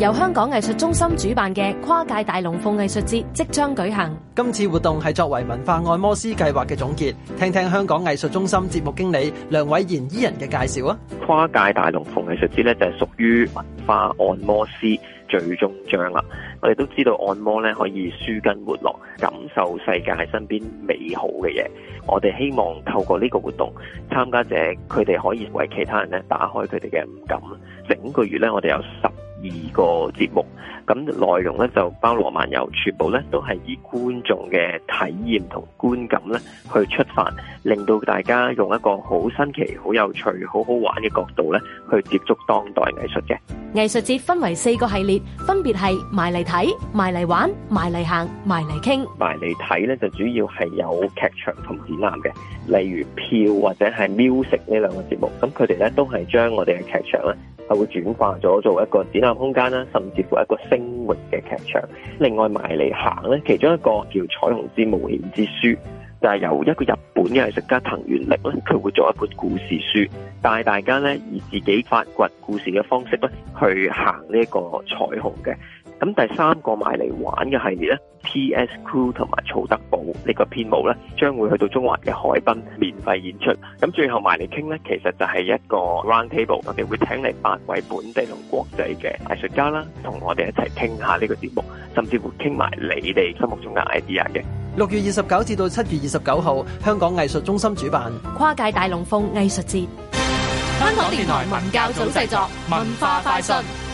由香港藝術中心主辦嘅跨界大龍鳳藝術節即將舉行。今次活動係作為文化按摩師計劃嘅總結，聽聽香港藝術中心節目經理梁偉賢伊人嘅介紹啊！跨界大龍鳳藝術節咧就係屬於文化按摩師最終章啦。我哋都知道按摩咧可以舒筋活絡，感受世界在身邊美好嘅嘢。我哋希望透過呢個活動，參加者佢哋可以為其他人咧打開佢哋嘅五感。整個月咧，我哋有十。二個節目，咁內容咧就包羅萬有，全部咧都係以觀眾嘅體驗同觀感咧去出發，令到大家用一個好新奇、好有趣、好好玩嘅角度咧去接觸當代藝術嘅藝術節，分為四個系列，分別係埋嚟睇、埋嚟玩、埋嚟行、埋嚟傾。埋嚟睇咧就主要係有劇場同展覽嘅，例如票或者係 music 呢兩個節目，咁佢哋咧都係將我哋嘅劇場咧。就會轉化咗做一個展覽空間啦，甚至乎一個星域嘅劇場。另外埋嚟行咧，其中一個叫《彩虹之冒險之書》，就係、是、由一個日本嘅藝術家藤原力咧，佢會做一本故事書，帶大家咧以自己發掘故事嘅方式咧去行呢個個彩虹嘅。咁第三個埋嚟玩嘅系列咧，PS Crew 同埋曹德寶呢個編舞咧，將會去到中環嘅海濱免費演出。咁最後埋嚟傾咧，其實就係一個 round table，我哋會請嚟八位本地同國際嘅藝術家啦，同我哋一齊傾下呢個節目，甚至乎傾埋你哋心目中嘅 idea 嘅。六月二十九至到七月二十九號，香港藝術中心主辦跨界大龍鳳藝術節。香港電台文教組製作文化快訊。